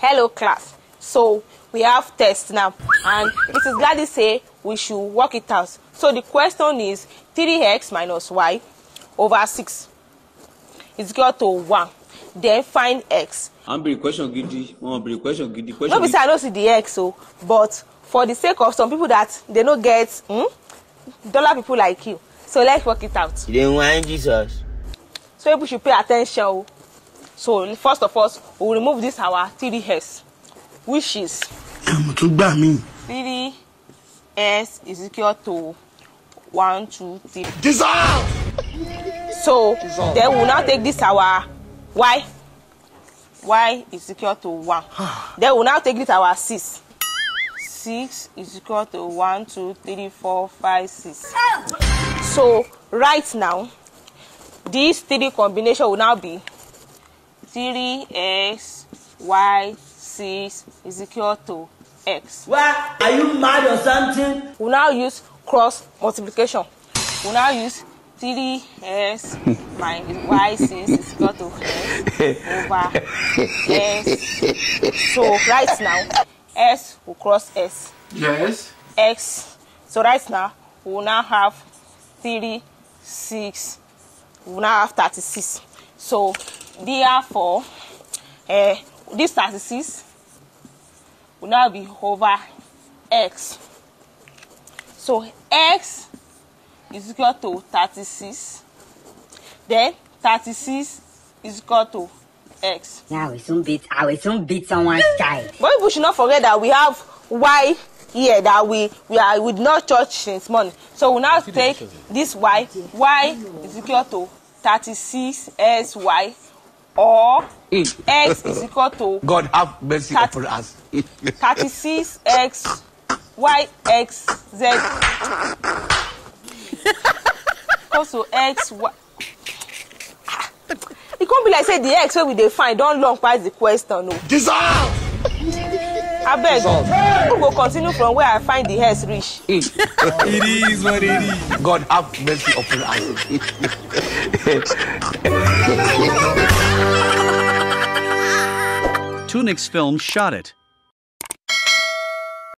Hello class. So we have test now and Mrs. Gladys say we should work it out. So the question is 3x minus y over 6 is equal to 1. Then find x. I'm be question gidi. I'm be question gidi. Question no be say I no see the x o oh. but for the sake of some people that they no get hmm, dollar people like you. So let's work it out. You dey whine Jesus. So people should pay attention o. Oh so first of all we will remove this our three hairs which is. ẹ̀mú tó gbà mí. three hairs is equal to one two three. dissolve. so dissolve. then we will now take this our y y is equal to one then we will now take this our six six is equal to one two three four five six. so right now this three combination will now be three x y six is equal to x. Why are you mad or something? We now use cross multiplication. We now use three x minus y six is equal to x over x. So right now s will cross s. Yes. x. So right now we will now have three six. We will now have 36. So therefore uh, this 36 will now be over x so x is equal to 36 then 36 is equal to x. now we soon beat i ah, will soon beat someone's child. but people should not forget that we have y here that we we are we did not touch since morning so we now take this y y is equal to 36 six y or x is equal to. God have mercy upon us. thirty-six x y x z equals to x y. e come be like say the x wey we dey find don long pass the question o. No? I abeg who will continue from where i find the hairs reach. it is what it is. god have mercy upon us. Tunic's film shot it.